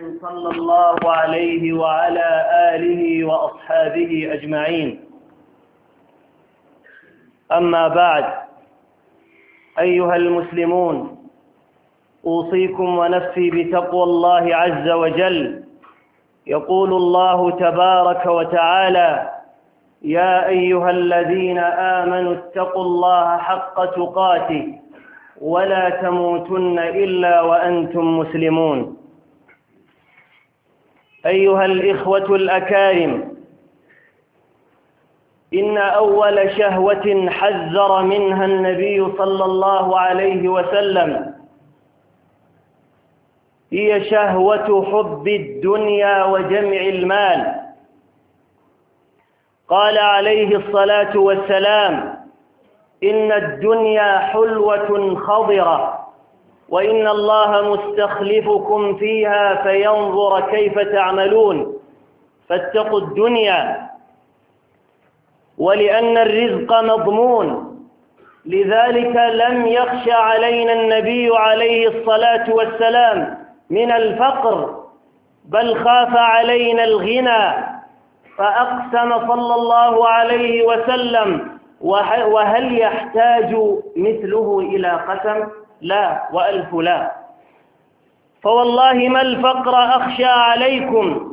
صلى الله عليه وعلى آله وأصحابه أجمعين أما بعد أيها المسلمون أوصيكم ونفسي بتقوى الله عز وجل يقول الله تبارك وتعالى يا أيها الذين آمنوا اتقوا الله حق تقاته ولا تموتن إلا وأنتم مسلمون أيها الإخوة الأكارم إن أول شهوة حذر منها النبي صلى الله عليه وسلم هي شهوة حب الدنيا وجمع المال قال عليه الصلاة والسلام إن الدنيا حلوة خضرة وإن الله مستخلفكم فيها فينظر كيف تعملون فاتقوا الدنيا ولأن الرزق مضمون لذلك لم يخش علينا النبي عليه الصلاة والسلام من الفقر بل خاف علينا الغنى فأقسم صلى الله عليه وسلم وهل يحتاج مثله إلى قسم؟ لا وألف لا فوالله ما الفقر أخشى عليكم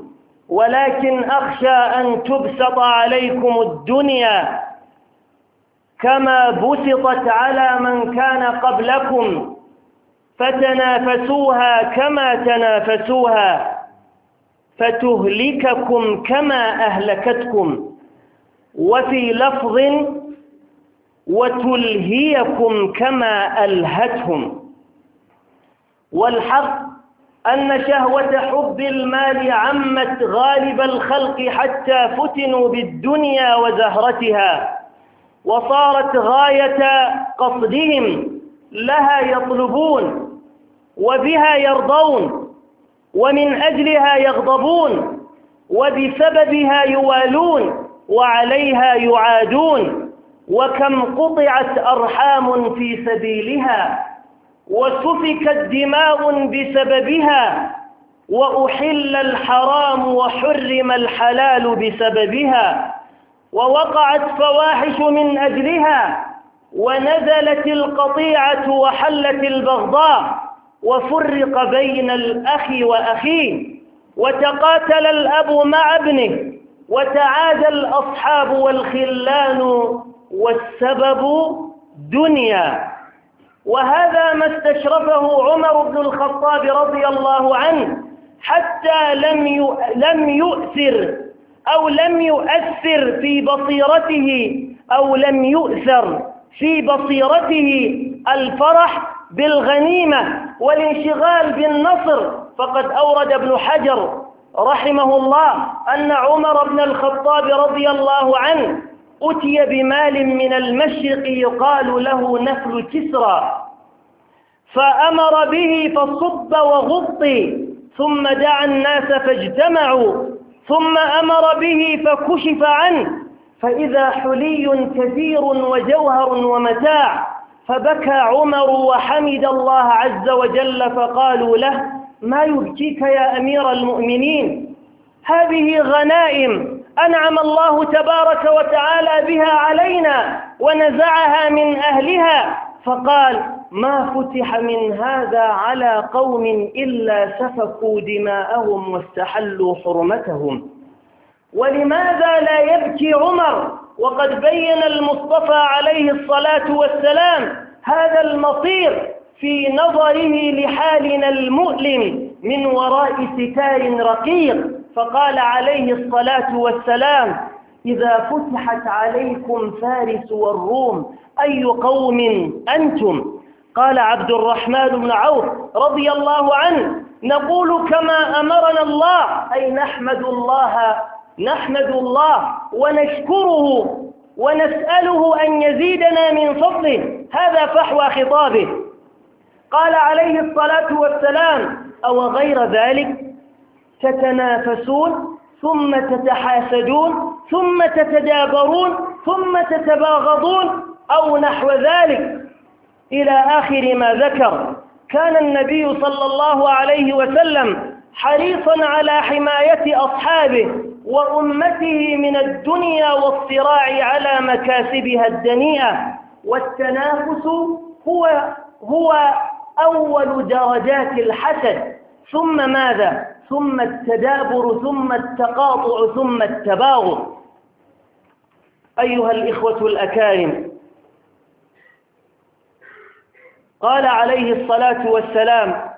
ولكن أخشى أن تبسط عليكم الدنيا كما بسطت على من كان قبلكم فتنافسوها كما تنافسوها فتهلككم كما أهلكتكم وفي لفظ وتلهيكم كما ألهتهم والحق أن شهوة حب المال عمت غالب الخلق حتى فتنوا بالدنيا وزهرتها وصارت غاية قصدهم لها يطلبون وبها يرضون ومن أجلها يغضبون وبسببها يوالون وعليها يعادون وكم قطعت أرحام في سبيلها وسفكت دماء بسببها وأحل الحرام وحرم الحلال بسببها ووقعت فواحش من أجلها ونزلت القطيعة وحلت البغضاء وفرق بين الأخ وأخيه وتقاتل الأب مع ابنه وتعادى الأصحاب والخلان والسبب دنيا وهذا ما استشرفه عمر بن الخطاب رضي الله عنه حتى لم لم يؤثر أو لم يؤثر في بصيرته أو لم يؤثر في بصيرته الفرح بالغنيمة والانشغال بالنصر فقد أورد ابن حجر رحمه الله أن عمر بن الخطاب رضي الله عنه أتي بمال من المشرق يقال له نفل كسرى فأمر به فصب وغطي ثم دعا الناس فاجتمعوا ثم أمر به فكشف عنه فإذا حلي كثير وجوهر ومتاع فبكى عمر وحمد الله عز وجل فقالوا له ما يبكيك يا أمير المؤمنين هذه غنائم أنعم الله تبارك وتعالى بها علينا ونزعها من أهلها فقال ما فتح من هذا على قوم إلا سفكوا دماءهم واستحلوا حرمتهم ولماذا لا يبكي عمر وقد بين المصطفى عليه الصلاة والسلام هذا المصير في نظره لحالنا المؤلم من وراء ستار رقيق فقال عليه الصلاة والسلام إذا فتحت عليكم فارس والروم أي قوم أنتم قال عبد الرحمن بن عوف رضي الله عنه نقول كما أمرنا الله أي نحمد الله نحمد الله ونشكره ونسأله أن يزيدنا من فضله هذا فحوى خطابه قال عليه الصلاة والسلام أو غير ذلك تتنافسون ثم تتحاسدون ثم تتدابرون ثم تتباغضون أو نحو ذلك إلى آخر ما ذكر كان النبي صلى الله عليه وسلم حريصا على حماية أصحابه وأمته من الدنيا والصراع على مكاسبها الدنيئة والتنافس هو, هو أول درجات الحسد ثم ماذا؟ ثم التدابر ثم التقاطع ثم التباغض أيها الإخوة الأكارم قال عليه الصلاة والسلام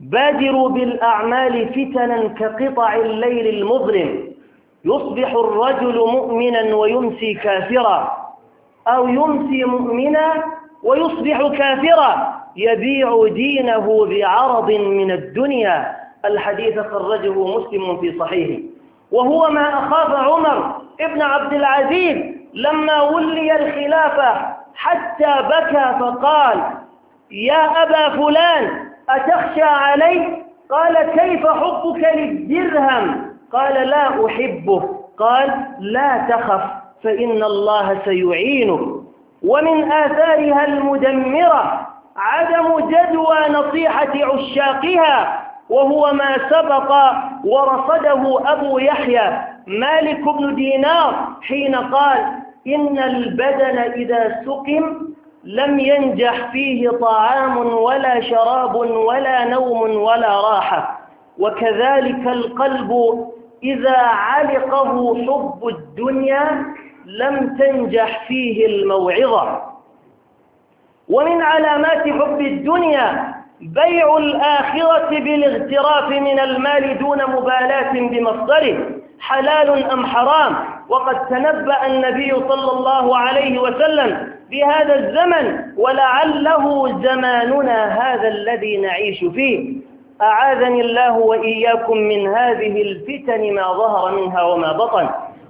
بادروا بالأعمال فتنا كقطع الليل المظلم يصبح الرجل مؤمنا ويمسي كافرا أو يمسي مؤمنا ويصبح كافرا يبيع دينه بعرض من الدنيا الحديث خرجه مسلم في صحيحه وهو ما أخاف عمر ابن عبد العزيز لما ولي الخلافة حتى بكى فقال يا أبا فلان أتخشى علي قال كيف حبك للدرهم قال لا أحبه قال لا تخف فإن الله سيعينك ومن آثارها المدمرة عدم جدوى نصيحة عشاقها وهو ما سبق ورصده أبو يحيى مالك بن دينار حين قال إن البدن إذا سقم لم ينجح فيه طعام ولا شراب ولا نوم ولا راحة وكذلك القلب إذا علقه حب الدنيا لم تنجح فيه الموعظة ومن علامات حب الدنيا بيع الآخرة بالاغتراف من المال دون مبالاة بمصدره حلال أم حرام وقد تنبأ النبي صلى الله عليه وسلم بهذا الزمن ولعله زماننا هذا الذي نعيش فيه أعاذني الله وإياكم من هذه الفتن ما ظهر منها وما بطن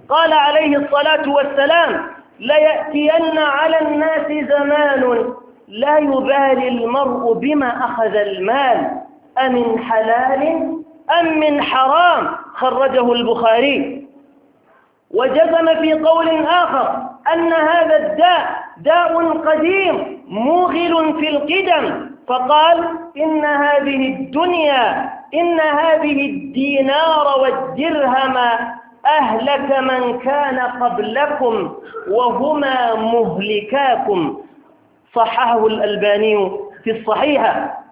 قال عليه الصلاة والسلام ليأتين على الناس زمان لا يبالي المرء بما أخذ المال أمن حلال أم من حرام خرجه البخاري وجزم في قول آخر أن هذا الداء داء قديم موغل في القدم فقال إن هذه الدنيا إن هذه الدينار والدرهم أهلك من كان قبلكم وهما مهلكاكم صححه الألباني في الصحيحة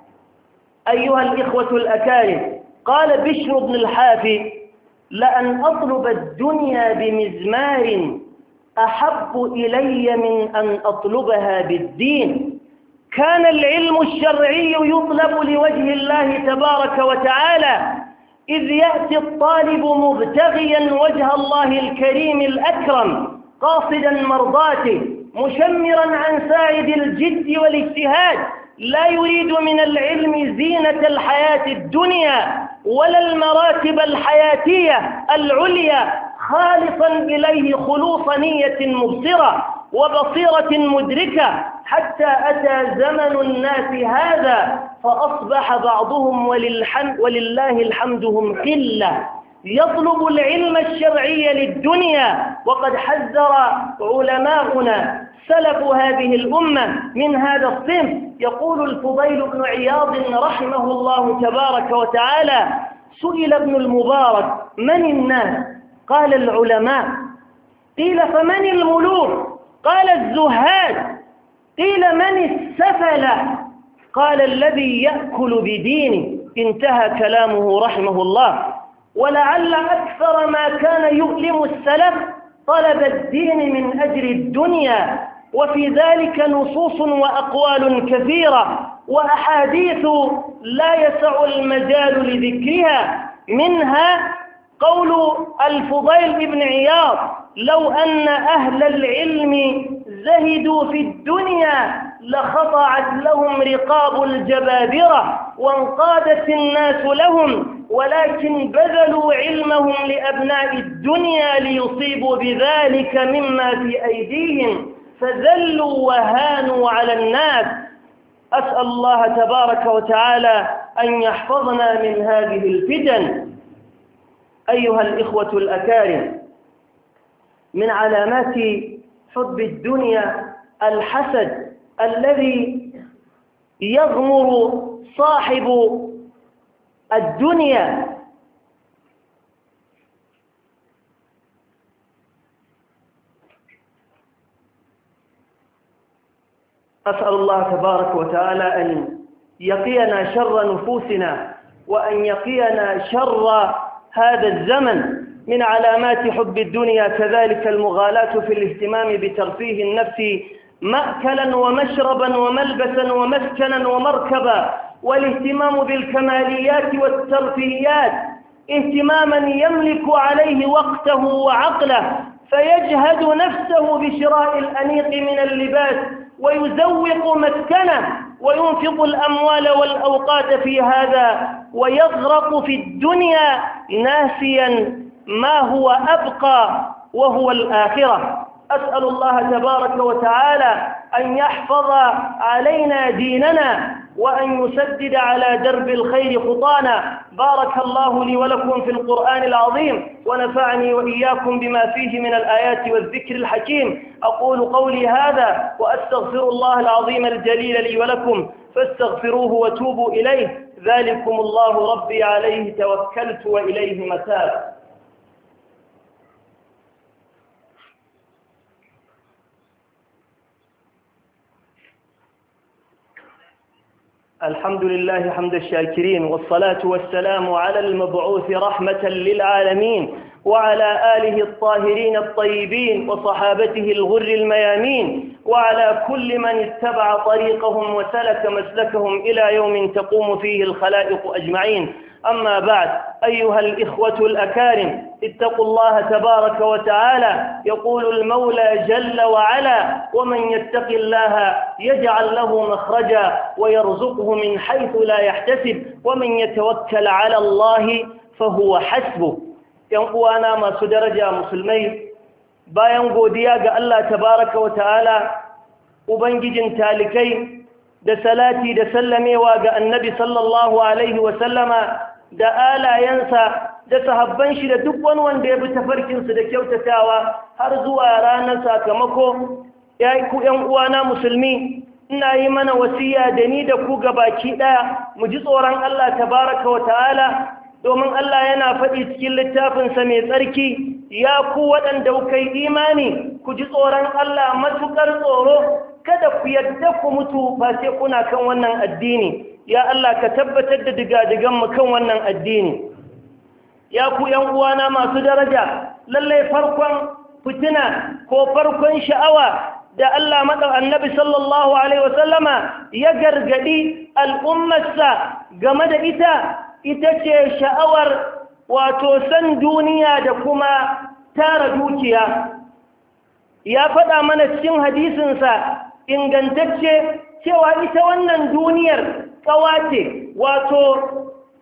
أيها الإخوة الأكارم قال بشر بن الحافي لأن أطلب الدنيا بمزمار أحب إلي من أن أطلبها بالدين كان العلم الشرعي يطلب لوجه الله تبارك وتعالى إذ يأتي الطالب مبتغيا وجه الله الكريم الأكرم قاصدا مرضاته مشمرا عن سائد الجد والاجتهاد لا يريد من العلم زينة الحياة الدنيا ولا المراتب الحياتية العليا خالصا إليه خلوص نية مبصرة وبصيرة مدركة حتى أتى زمن الناس هذا فأصبح بعضهم ولله الحمد هم قلة يطلب العلم الشرعي للدنيا وقد حذر علماؤنا سلف هذه الأمة من هذا الصنف يقول الفضيل بن عياض رحمه الله تبارك وتعالى سئل ابن المبارك من الناس قال العلماء قيل فمن الملوك قال الزهاد قيل من السفلة قال الذي يأكل بدينه انتهى كلامه رحمه الله ولعل أكثر ما كان يؤلم السلف طلب الدين من أجل الدنيا وفي ذلك نصوص وأقوال كثيرة وأحاديث لا يسع المجال لذكرها منها قول الفضيل بن عياض لو أن أهل العلم زهدوا في الدنيا لخضعت لهم رقاب الجبابرة وانقادت الناس لهم ولكن بذلوا علمهم لأبناء الدنيا ليصيبوا بذلك مما في أيديهم فذلوا وهانوا على الناس أسأل الله تبارك وتعالى أن يحفظنا من هذه الفتن أيها الإخوة الأكارم من علامات حب الدنيا الحسد الذي يغمر صاحب الدنيا أسأل الله تبارك وتعالى أن يقينا شر نفوسنا وأن يقينا شر هذا الزمن من علامات حب الدنيا كذلك المغالاة في الاهتمام بترفيه النفس مأكلا ومشربا وملبسا ومسكنا ومركبا والاهتمام بالكماليات والترفيهيات اهتماما يملك عليه وقته وعقله فيجهد نفسه بشراء الأنيق من اللباس ويزوق مسكنه وينفق الأموال والأوقات في هذا ويغرق في الدنيا ناسيا ما هو أبقى وهو الآخرة أسأل الله تبارك وتعالى أن يحفظ علينا ديننا وأن يسدد على درب الخير خطانا بارك الله لي ولكم في القرآن العظيم ونفعني وإياكم بما فيه من الآيات والذكر الحكيم أقول قولي هذا وأستغفر الله العظيم الجليل لي ولكم فاستغفروه وتوبوا إليه ذلكم الله ربي عليه توكلت وإليه متاب الحمد لله حمد الشاكرين والصلاة والسلام على المبعوث رحمة للعالمين وعلى آله الطاهرين الطيبين وصحابته الغر الميامين وعلى كل من اتبع طريقهم وسلك مسلكهم إلى يوم تقوم فيه الخلائق أجمعين أما بعد أيها الإخوة الأكارم اتقوا الله تبارك وتعالى يقول المولى جل وعلا ومن يتق الله يجعل له مخرجا ويرزقه من حيث لا يحتسب ومن يتوكل على الله فهو حسبه ينقو أنا ما سدرجا مسلمين bayan godiya ga تبارك وتعالى wa ta'ala da salati da sallamewa ga annabi sallallahu alaihi wasallama da alayensa da sahabban shi da duk wani wanda ya bi tafarkinsu da kyautatawa har zuwa ranar sakamako ya ku ‘yan uwana musulmi ina yi mana wasiya da ni da ku ga baki ɗaya mu ji tsoron Allah tabaraka wa ta'ala domin Allah yana faɗi cikin littafinsa mai tsarki ya ku waɗanda kuka yi imani ku ji tsoron Allah matuƙar tsoro kada ku yadda ku mutu ba sai kuna kan wannan addini ya Allah ka tabbatar da digadiganmu kan wannan addini ya ku ‘yan uwana masu daraja lallai farkon fitina ko farkon sha'awa da Allah maɗa annabi sallallahu Alaihi wasallama ya gargaɗi al'ummarsa game da ita ita ce sha'awar wato san duniya da kuma tara dukiya ya faɗa mana cikin hadisinsa ingantacce cewa ita wannan duniyar tsawa ce wato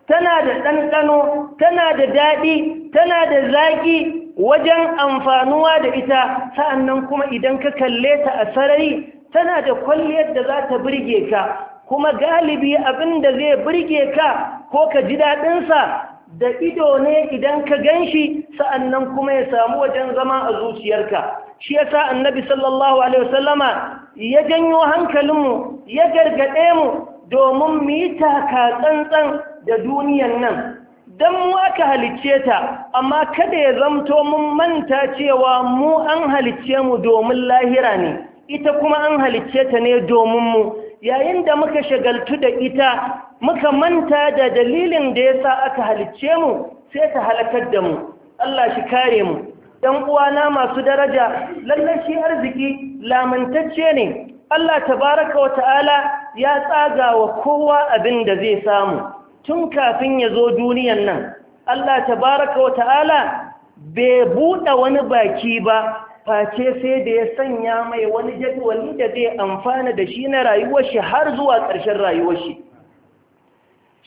tana da ɗanɗano tana da daɗi tana da zaƙi wajen amfanuwa da ita sa'annan kuma idan ka kalle ta a sarari tana da kwalliyar da za ta birge ka kuma galibi abin da zai birge ka ko ka ji daɗinsa da ido ne idan ka gan shi sa'annan kuma ya samu wajen zama a zuciyarka shi ya sa annabi sallallahu alaihi wasallama ya janyo hankalinmu ya gargaɗe mu domin mu yi taka tsantsan da duniyan nan don mu aka halicce ta amma kada ya zamto mun manta cewa mu an halicce mu domin lahira ne ita kuma an halicce ta ne domin mu yayin da muka shagaltu da ita muka manta da dalilin da ya sa aka halicce mu sai ta halakar da mu Allah shi kare mu ‘yan uwana masu daraja lallai shi arziki lamantacce ne Allah tabaraka wa ta'ala ya tsaga wa kowa abin da zai samu tun kafin ya zo duniyan nan Allah tabaraka wa ta'ala bai buɗe wani baki ba face sai da ya sanya mai wani jadwali da zai amfana da shi na rayuwar shi har zuwa ƙarshen rayuwar shi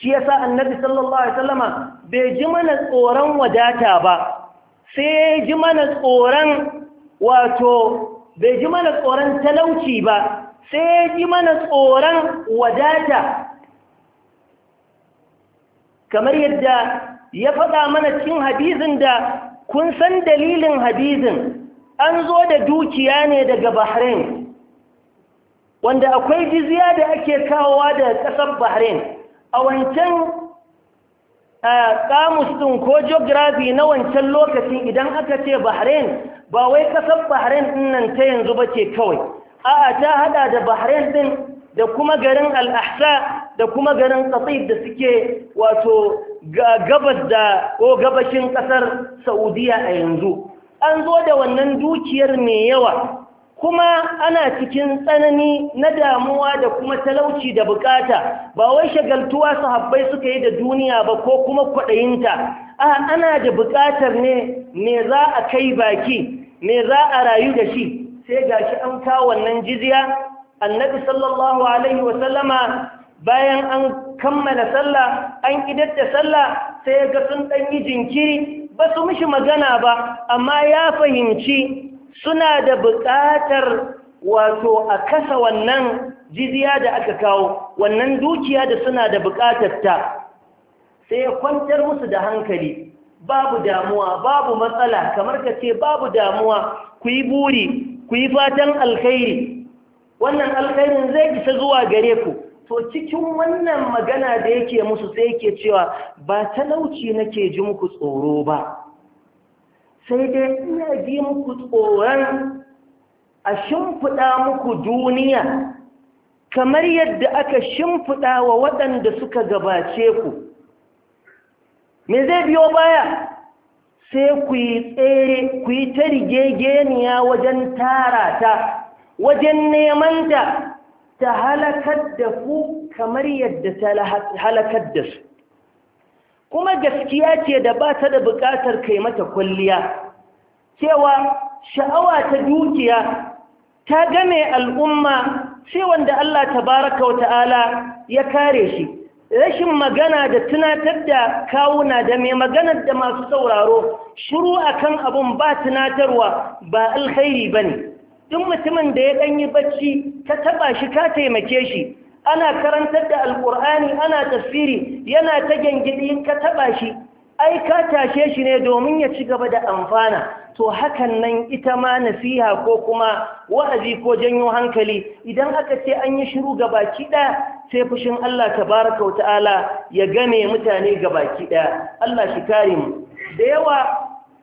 shi ya yasa annabi sallallahu alaihi wasallama bai ji mana tsoron wadata ba sai ji mana tsoron wato bai ji mana tsoron talauci ba sai ji mana tsoron wadata kamar yadda ya faɗa mana cikin hadizin da kun san dalilin hadizin, an zo da dukiya ne daga bahrain wanda akwai jizya da ake kawowa daga ƙasar bahrain a wancan kamus ɗin ko geography na wancan lokacin idan aka ce bahrain ba wai kasar bahrain ɗinnan nan ta yanzu ba ce kawai a'a ta hada da bahrain ɗin da kuma garin al'ahsa da kuma garin tsatsif da suke wato gabas da ko gabashin ƙasar saudiya a yanzu an zo da wannan dukiyar mai yawa kuma ana cikin tsanani na damuwa da kuma talauci da bukata ba wai shagaltuwa su Habbai suka yi da duniya ba ko kuma kwaɗayinta a ana da bukatar ne me za a kai baki me za a rayu da shi sai ga shi an kawo wannan jizya annabi sallallahu alaihi wasallama bayan an kammala sallah an idar da sallah sai ga sun ɗan yi jinkiri ba su mishi magana ba amma ya fahimci suna da buƙatar wato a kasa wannan jiziya da aka kawo wannan dukiya da suna da buƙatar ta sai ya kwantar musu da hankali babu damuwa babu matsala kamar ka ce babu damuwa ku yi buri ku yi fatan alkhairi wannan alkhairin zai isa zuwa gare ku to cikin wannan magana da yake musu sai yake cewa ba talauci nake ji muku tsoro ba sai dai ina ji muku tsoron a shimfiɗa muku duniya kamar yadda aka shimfiɗa wa waɗanda suka gabace ku me zai biyo baya sai ku yi tsere ku yi ta rigegeniya wajen tara ta wajen neman da, ta halakar da ku kamar yadda ta halakar da su kuma gaskiya ce da ba ta da buƙatar kai mata kwalliya cewa sha'awa ta dukiya ta game al'umma sai wanda Allah tabaraka wa ta'ala ya kare shi rashin magana da tunatar da kawuna da mai maganar da masu sauraro shiru akan abun ba tunatarwa ba alkhairi bane duk mutumin da ya ɗanyi bacci ta taba shi ka taimake shi ana karantar da alkur'ani ana tafsiri yana ta gyangyaɗi ka taɓa shi ai ka tashe shi ne domin ya ci gaba da amfana to hakan nan ita ma nasiha ko kuma wa'azi ko janyo hankali idan aka ce an yi shiru ga baki ɗaya sai fushin Allah tabaraka wa ta'ala ya game mutane ga baki ɗaya Allah shi kare mu da yawa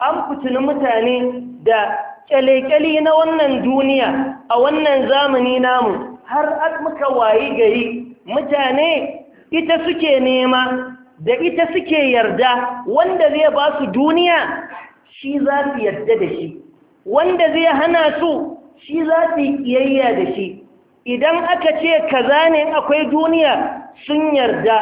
an fitini mutane da kyale na wannan duniya a wannan zamani namu har muka wayi gari mutane ita suke nema da ita suke yarda wanda zai ba su duniya shi za su yarda da shi wanda zai hana su shi za su yi kiyayya da shi idan aka ce kaza ne akwai duniya sun yarda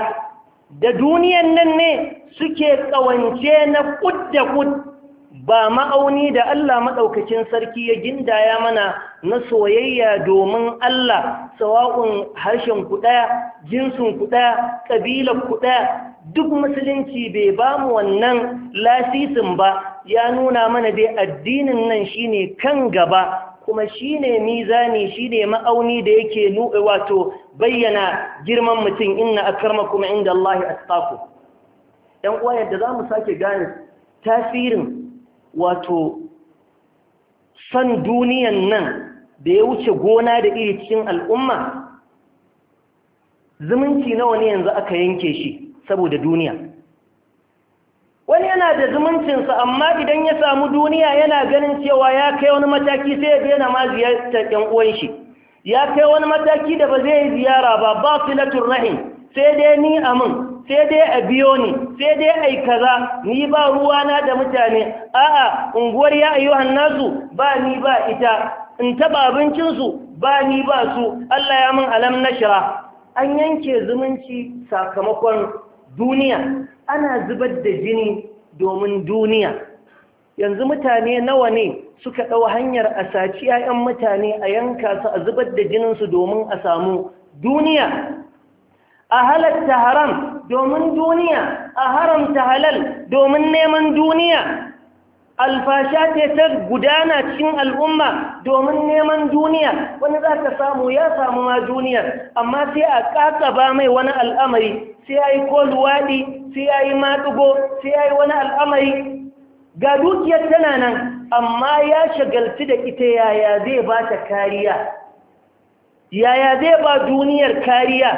da duniyan nan ne suke kawance na kud da kud ba ma'auni da Allah Maɗaukacin sarki ya gindaya mana na soyayya domin Allah sawa'un harshen kuɗaya jinsin kuɗa, ƙabilar kuɗaya duk musulunci bai ba mu wannan lasisin ba ya nuna mana dai addinin nan shine kan gaba kuma shine mizani shine ma'auni da yake nuɗe wato bayyana girman mutum inna kuma inda Allah ya uwa sake gane tasirin wato san duniyan nan da ya wuce gona da iri cikin al'umma zumunci nawa ne yanzu aka yanke shi saboda duniya wani yana da zumuncinsa amma idan ya samu duniya yana ganin cewa ya kai wani mataki sai ya daina ma ziyartar 'yan uwan shi ya kai wani mataki da ba zai yi ziyara ba ba na rahim sai dai ni amin sai dai a biyo ni sai dai a yi kaza ni ba ruwa na da mutane a'a unguwar ya ayyuhan nasu ba ni ba ita in taba abincinsu ba ni ba su Allah ya mun alam nashra an yanke zumunci sakamakon duniya ana zubar da jini domin duniya yanzu mutane nawa ne suka ɗau hanyar a saci 'ya'yan mutane a yanka su a zubar da jininsu domin a samu duniya a halatta haram domin duniya a haramta halal domin neman duniya alfasha ce ta gudana cikin al'umma domin neman duniya wani za ka samu ya samu ma duniya amma sai a ba mai wani al'amari sai ya yi ko sai ya yi matsugo sai ya yi wani al'amari ga dukiyar tana nan amma ya shagalci da ita yaya zai ba ta kariya yaya zai ba duniyar kariya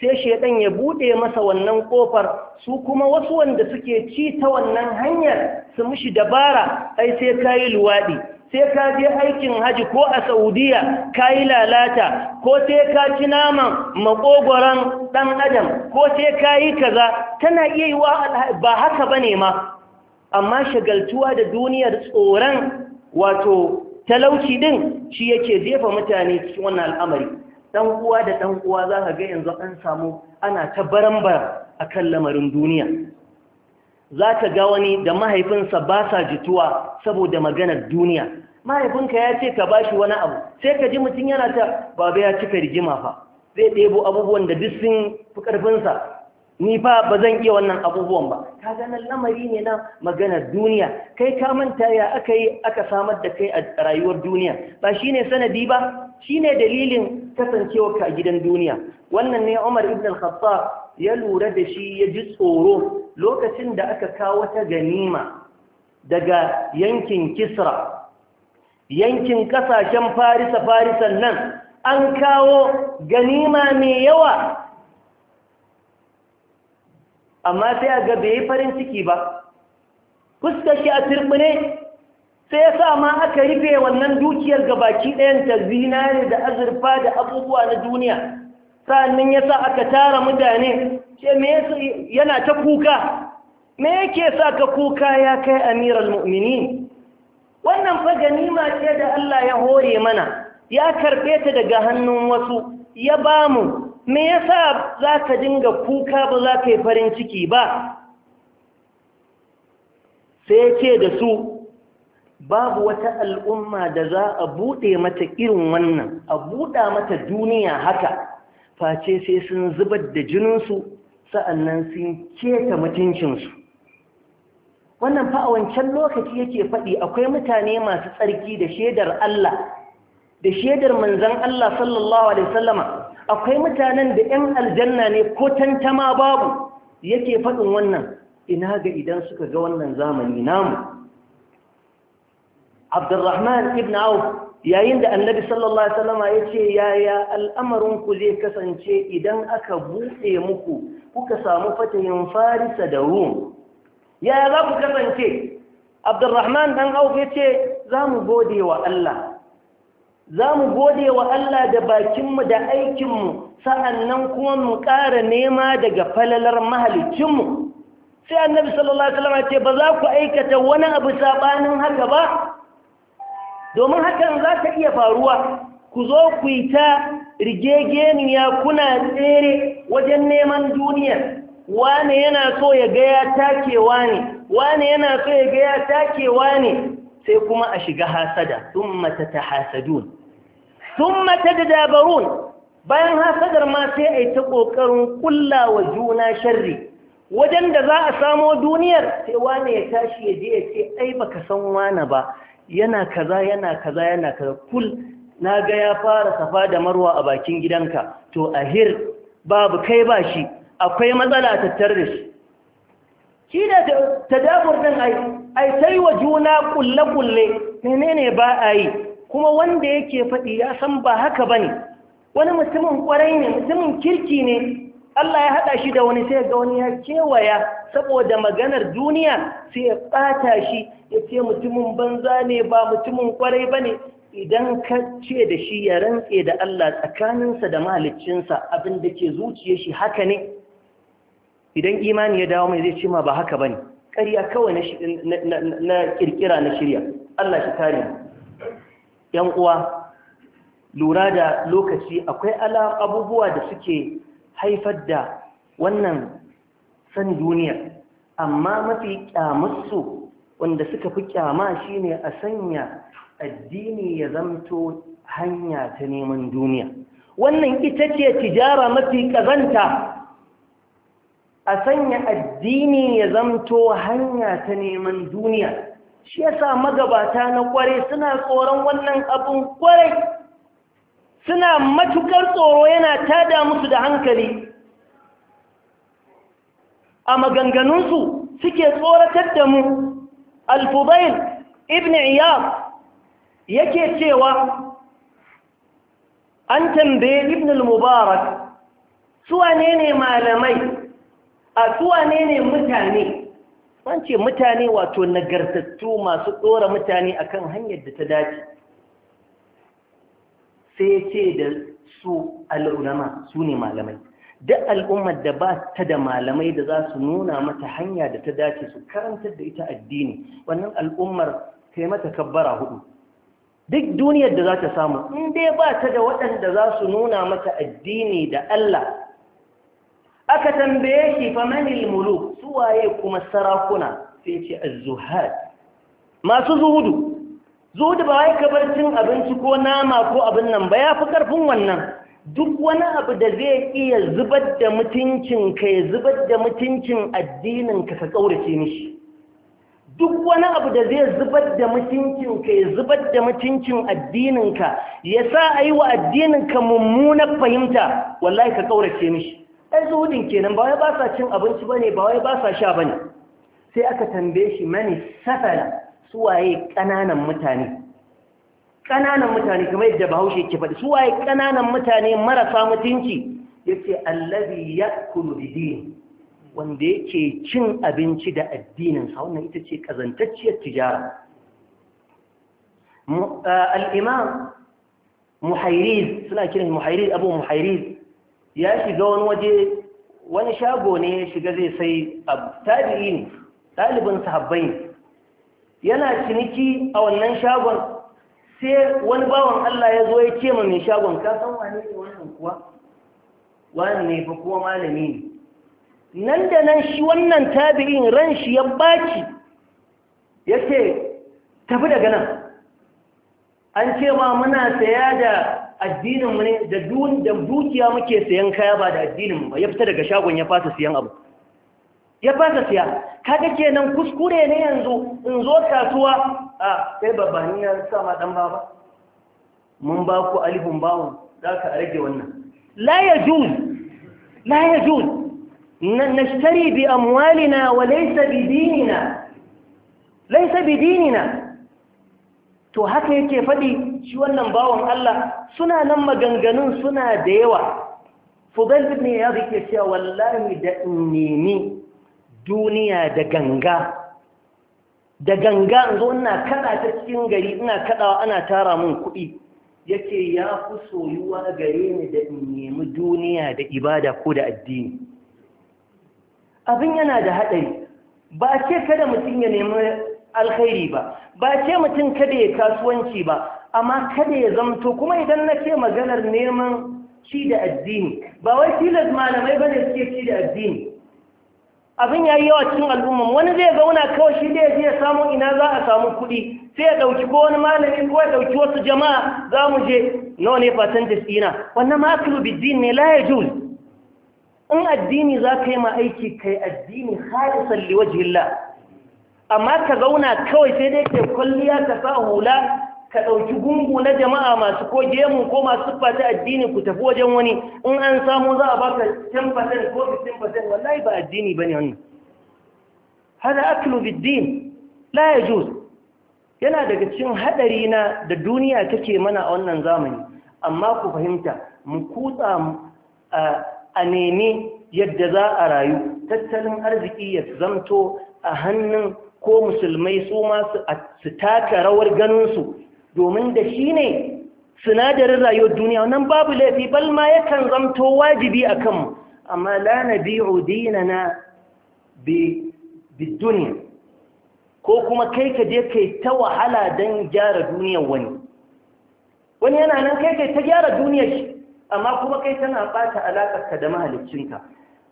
sai shaidan ya bude masa wannan kofar su kuma wasu wanda suke ci ta wannan hanyar su mishi dabara ai sai kayi luwadi sai ka je aikin haji ko a saudiya kayi lalata ko sai ka ci naman makogoron dan adam ko sai kayi kaza tana iya yi wa ba haka bane ma amma shagaltuwa da duniyar tsoron wato talauci din shi yake jefa mutane cikin wannan al'amari dan uwa da dan uwa za ka ga yanzu an samu ana ta a kan lamarin duniya za ka ga wani da mahaifinsa ba sa jituwa saboda maganar duniya mahaifinka ya ce ka bashi wani abu sai ka ji mutum yana ta baba ya cika rigima fa zai ɗebo abubuwan da duk sun fi ƙarfinsa ni fa ba zan iya wannan abubuwan ba ka nan lamari ne na maganar duniya kai ka manta ya aka yi aka samar da kai a rayuwar duniya ba shine sanadi ba shine dalilin kasancewarka a gidan duniya wannan ne Umar ibn al-Khattab ya lura da shi ya ji tsoro lokacin da aka kawo ta ganima daga yankin Kisra yankin kasashen Farisa Farisan nan an kawo ganima mai yawa amma sai a ga bai farin ciki ba fuskar shi a turbine sai ya sa ma aka rufe wannan dukiyar ga baki ɗayanta zinare da azurfa da abubuwa na duniya sa'annan ya sa aka tara mutane ce me yana ta kuka me yake sa ka kuka ya kai amiral mu'mini wannan fa ganima ce da Allah ya hore mana ya karɓe ta daga hannun wasu ya bamu me yasa za ka dinga kuka ba za ka yi farin ciki ba sai ce da su babu wata al'umma da za a buɗe mata irin wannan a buɗa mata duniya haka face sai sun zubar da jininsu sa'annan sun keta mutuncinsu wannan fa a wancan lokaci yake faɗi akwai mutane masu tsarki da shaidar Allah da shaidar manzan Allah sallallahu alaihi sallama akwai mutanen da ‘yan aljanna ne ko tantama babu yake faɗin wannan ina ga idan suka ga wannan zamani namu abdurrahman ibn auf yayin da annabi sallallahu alaihi ya yace yaya al'amarin ku zai kasance idan aka buɗe muku kuka samu fatahin farisa da rum yaya za ku kasance abdurrahman dan auf yace ce, mu gode wa Allah za mu gode wa Allah da bakinmu da aikinmu sa'annan kuma mu ƙara nema daga falalar mahalicinmu sai annabi sallallahu alaihi wasallam ce ba za ku aikata wani abu sabanin haka ba domin hakan za ta iya faruwa ku zo ku yi ta rigegeniya kuna tsere wajen neman duniya wane yana so ya gaya ta takewa ne wane yana so ya gaya takewa ne sai kuma a shiga hasada mata ta hasadun. sun mata da dabarun, bayan hasadar ma sai a yi ta ƙoƙarin kullawa juna sharri wajen da za a samo duniyar sai wane ya tashi ya je ya ce ai baka san wane ba yana kaza yana kaza yana kaza kul na ga ya fara safa da marwa a bakin gidanka to ahir babu kai ba shi akwai matsala tattare da shi shi da tadabur ɗin ai sai wa juna kulle-kulle menene ba a yi kuma wanda yake faɗi ya san ba haka ba ne wani mutumin kwarai ne mutumin kirki ne Allah ya haɗa shi da wani sai ga wani ya kewaya saboda maganar duniya sai ya ɓata shi ya ce mutumin banza ne ba mutumin kwarai ba ne idan ka ce da shi ya rantse da Allah tsakaninsa da mahaliccinsa abin ke zuciya shi haka ne idan imani ya dawo mai zai ce ba haka ba ne ƙarya kawai na ƙirƙira na shirya Allah shi kare ‘yan uwa lura da lokaci akwai abubuwa da suke haifar da wannan san duniya amma mafi kyamarsu wanda suka fi kyama shine a sanya addini ya zamto hanya ta neman duniya wannan ita ce tijara mafi kazanta a sanya addini ya zamto hanya ta neman duniya shi yasa magabata na kware suna tsoron wannan abun ƙwarai, suna matukar tsoro yana tada musu da hankali a maganganunsu suke tsoratar da mu alfubail ibn iyab yake cewa an tambaye ibn al-mubarak suwane ne malamai a suwane ne mutane wance mutane wato nagartattu masu ɗora mutane akan hanyar da ta dace sai ce da su al-ulama su ne malamai duk al'ummar da ba ta da malamai da za su nuna mata hanya da ta dace su karantar da ita addini wannan al'ummar kai mata kabbara hudu duk duniyar da za ta samu in dai ba ta da waɗanda za su nuna mata addini da Allah aka tambaye shi fa manil muluk suwaye kuma sarakuna sai ce az-zuhad masu zuhudu zuhudu ba wai kabar abinci ko nama ko abin nan ba ya fi karfin wannan duk wani abu da zai iya zubar da mutuncinka ya zubar da mutuncin addininka ka ƙaurace mishi duk wani abu da zai zubar da mutuncin ka ya zubar da mutuncin addininka ya sa a yi wa addininka mummunar fahimta wallahi ka ƙaurace mishi ai zuhudin kenan ba wai ba sa cin abinci ba ne ba wai ba sa sha bane sai aka tambaye shi mani safala suwaye ƙananan mutane ƙananan mutane kamar yadda bahaushe ke faɗi su waye ƙananan mutane marasa mutunci ya ce allabi ya wanda yake cin abinci da addininsa wannan ita ce ƙazantacciyar tijara al'imam muhairiz suna kiran muhairiz abu muhairiz ya shiga wani waje wani shago ne ya shiga zai sai abu tabi'i ne ɗalibin sahabbai yana ciniki a wannan shagon sai wani bawan Allah ya zo ya ce ma mai shagon ka san wane ne wannan kuwa wani ne fa kuwa malami ne nan da nan shi wannan tabi'in ran shi ya baki. ya ce tafi daga nan an ce ma muna saya da addininmu ne da dukiya muke sayan kaya ba da addininmu ba ya fita daga shagon ya fasa siyan abu ya fasa siya kaga kenan kuskure ne yanzu in zo kasuwa a sai babbani ya sa ma dan baba mun ba ku alifin bawon za ka rage wannan la ya juz la ya juz nashtari bi amwalina wa laysa bi dinina laysa bi dinina to haka yake faɗi shi wannan bawon Allah suna nan maganganun suna da yawa Fudayl ibn Iyad yake cewa wallahi da nemi duniya da ganga da ganga in zo ina kada ta cikin gari ina kadawa ana tara mun kuɗi yake ya fi soyuwa gare ni da in nemi duniya da ibada ko da addini abin yana da haɗari ba ce kada mutum ya nemi alkhairi ba ba ce mutum kada ya kasuwanci ba amma kada ya zamto kuma idan na ce maganar neman ci da addini ba wai tilas malamai ba ne suke ci da addini abin ya yi yawa cikin al'umma wani zai zauna kawai shi da ya je ya samu ina za a samu kuɗi sai ya ɗauki ko wani malami ko ya ɗauki wasu jama'a za mu je nawa ne fatan da tsina wannan ma biddin ne la ya jul in addini za ka yi ma aiki kai addini halisan liwajillah amma ka zauna kawai sai dai ke kwalliya ka sa hula ka ɗauki gungu na jama'a masu ko gemu ko masu fata addini ku tafi wajen wani in an samu za a baka 10% ko 15% wallahi ba addini bane wannan hada aklu biddin la yajuz yana daga cikin hadari na da duniya take mana a wannan zamani amma ku fahimta mu kutsa a nemi yadda za a rayu tattalin arziki ya zamto a hannun ko musulmai su ma su taka rawar ganinsu domin da shi ne sinadarin rayuwar duniya nan babu laifi bal ma yakan zamto wajibi a kanmu amma la na biyu dinana duniya ko kuma kai ka je kai ta wahala don gyara duniyar wani wani yana nan kai kai ta gyara duniyar shi amma kuma kai tana bata ka da mahalicinka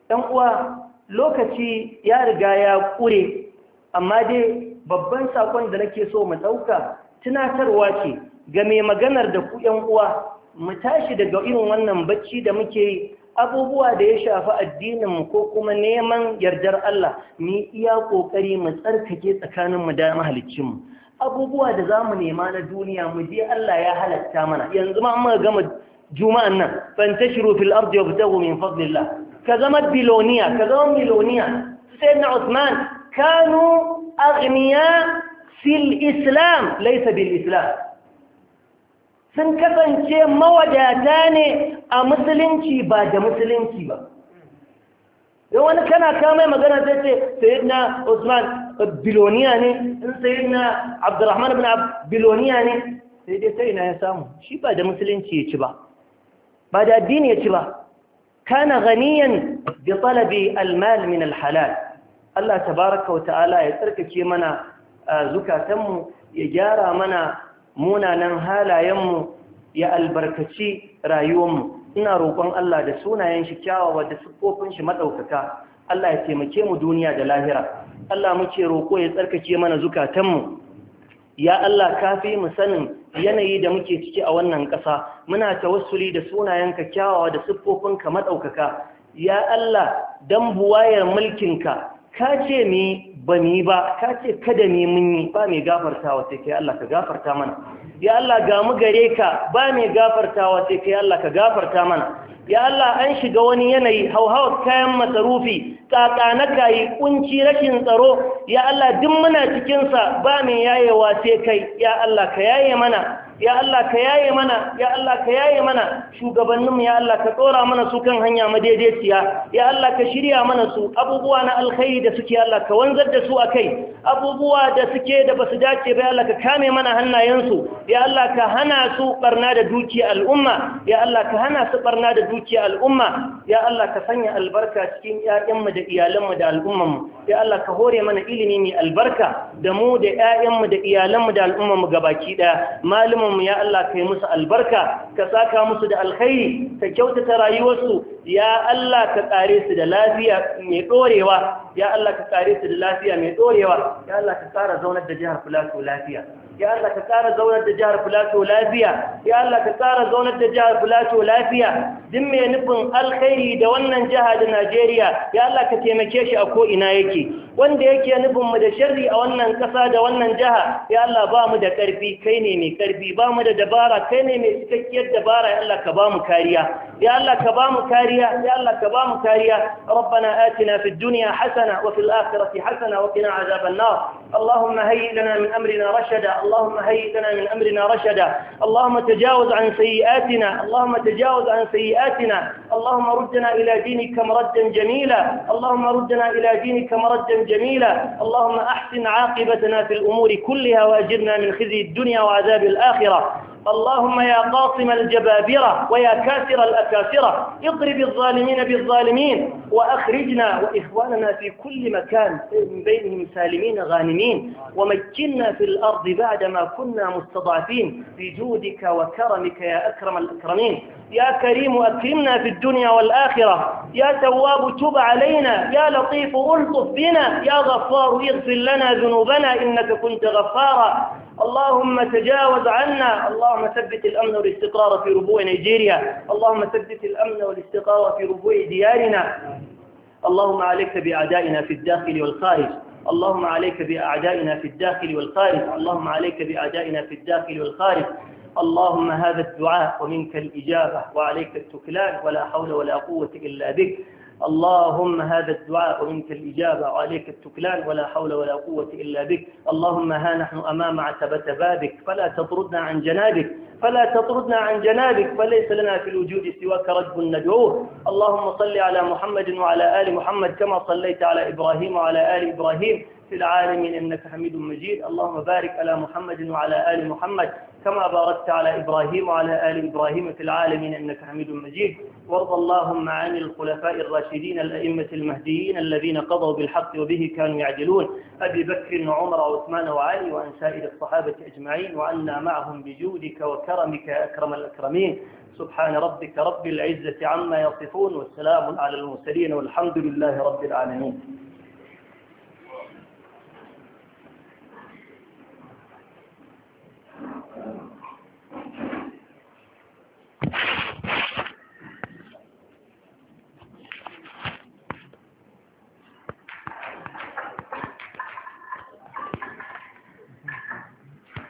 ɗan uwa lokaci ya riga ya ƙure amma dai babban sakon da nake so mu ɗauka tunatarwa ce ga mai maganar da ku ‘yan uwa mu tashi daga irin wannan bacci da muke yi abubuwa da ya shafi addininmu ko kuma neman yardar Allah mu iya ƙoƙari mu tsarkake tsakaninmu da mahaliccinmu abubuwa da za mu nema na duniya mu je Allah ya halatta mana yanzu ma muka gama juma'an nan fantashiru fil ardi wabtahu min fadlillah ka zama biloniya ka zama miloniya sai na Usman kanu aghniya fil islam laisa bil islam sun kasance mawadata ne a musulunci ba da musulunci ba yau wani kana kama magana zai ce sayidina usman biloniya ne in sayidina abdurrahman bin biloniya ne sai dai sai na ya samu shi ba da musulunci ya ci ba ba da addini ya ci ba kana ganiyan bi talabi almal min alhalal Allah tabaraka wa ta'ala ya tsarkake mana zukatanmu ya gyara mana munanan halayenmu ya albarkaci rayuwarmu ina roƙon Allah da sunayen shi kyawawa da siffofin shi maɗaukaka Allah ya taimake mu duniya da lahira Allah muke roƙo ya tsarkake mana zukatanmu ya Allah kafi mu sanin yanayi da muke ciki a wannan ƙasa muna tawassuli da sunayen ka kyawawa da siffofinka maɗaukaka ya Allah dan buwayar ka. ka ce mi ba mi ba ka ce kada mi mun yi ba mai gafartawa sai kai Allah ka gafarta mana ya Allah ga mu gare ka ba mai gafartawa sai kai Allah ka gafarta mana ya Allah an shiga wani yanayi hauhawar kayan masarufi kaka na kayi kunci rashin tsaro ya Allah duk muna cikin sa ba mai yayewa sai kai ya Allah ka yaye mana ya Allah ka yaye mana ya Allah ka yaye mana shugabanninmu ya Allah ka tsora mana su kan hanya madaidaiciya ya Allah ka shirya mana su abubuwa na alkhairi da suke Allah ka wanzar da su akai abubuwa da suke da basu dace ba ya Allah ka kame mana hannayensu ya Allah ka hana su barna da dukiya al'umma ya Allah ka hana su barna da dukiya al'umma ya Allah ka sanya albarka cikin ƴaƴanmu da iyalanmu da al'ummanmu ya Allah ka hore mana ilimi mai albarka da mu da ƴaƴanmu da iyalanmu da al'ummanmu gabaki ɗaya malamin mu ya Allah kai musu albarka ka saka musu da alkhairi ka kyautata rayuwarsu ya Allah ka tsare su da lafiya mai dorewa ya Allah ka tsare su da lafiya mai dorewa ya Allah ka tsara zaunar da jihar Plateau lafiya ya Allah ka tsara zaunar da jihar Plateau lafiya ya Allah ka tsara zaunar da jihar Plateau lafiya din mai nufin alkhairi da wannan jiha da Najeriya ya Allah ka taimake shi a ko ina yake wanda yake nufin mu da sharri a wannan ƙasa da wannan jiha ya Allah ba mu da ƙarfi kai ne mai ƙarfi ba mu da dabara kai ne mai cikakkiyar dabara ya Allah ka ba mu kariya ya Allah ka ba mu kariya ya Allah ka ba mu kariya rabbana atina fid dunya hasana wa fil akhirati hasana wa qina azaban nar allahumma hayyi lana min amrina rashada allahumma hayyi lana min amrina rashada allahumma tajawaz an sayiatina اللهم تجاوز عن سيئاتنا اللهم ردنا الى دينك مردا جميلا اللهم ردنا الى دينك مردا جميلة اللهم أحسن عاقبتنا في الأمور كلها وأجرنا من خزي الدنيا وعذاب الآخرة اللهم يا قاصم الجبابرة ويا كاسر الأكاسرة اضرب الظالمين بالظالمين وأخرجنا وإخواننا في كل مكان من بينهم سالمين غانمين ومكنا في الأرض بعدما كنا مستضعفين بجودك وكرمك يا أكرم الأكرمين يا كريم أكرمنا في الدنيا والآخرة يا تواب تب علينا يا لطيف ألطف بنا يا غفار اغفر لنا ذنوبنا إنك كنت غفارا اللهم تجاوز عنا اللهم ثبت الأمن والاستقرار في ربوع نيجيريا اللهم ثبت الأمن والاستقرار في ربوع ديارنا اللهم عليك بأعدائنا في الداخل والخارج اللهم عليك بأعدائنا في الداخل والخارج اللهم عليك بأعدائنا في الداخل والخارج اللهم هذا الدعاء ومنك الإجابة وعليك التكلان ولا حول ولا قوة إلا بك اللهم هذا الدعاء ومنك الإجابة وعليك التكلان ولا حول ولا قوة إلا بك اللهم ها نحن أمام عتبة بابك فلا تطردنا عن جنابك فلا تطردنا عن جنابك فليس لنا في الوجود سواك رجب ندعوه اللهم صل على محمد وعلى آل محمد كما صليت على إبراهيم وعلى آل إبراهيم في العالمين إنك حميد مجيد اللهم بارك على محمد وعلى آل محمد كما باركت على إبراهيم وعلى آل إبراهيم في العالمين إنك حميد مجيد وارض اللهم عن الخلفاء الراشدين الأئمة المهديين الذين قضوا بالحق وبه كانوا يعدلون أبي بكر وعمر وعثمان وعلي وعن سائر الصحابة أجمعين وعنا معهم بجودك وكرمك يا أكرم الأكرمين سبحان ربك رب العزة عما يصفون والسلام على المرسلين والحمد لله رب العالمين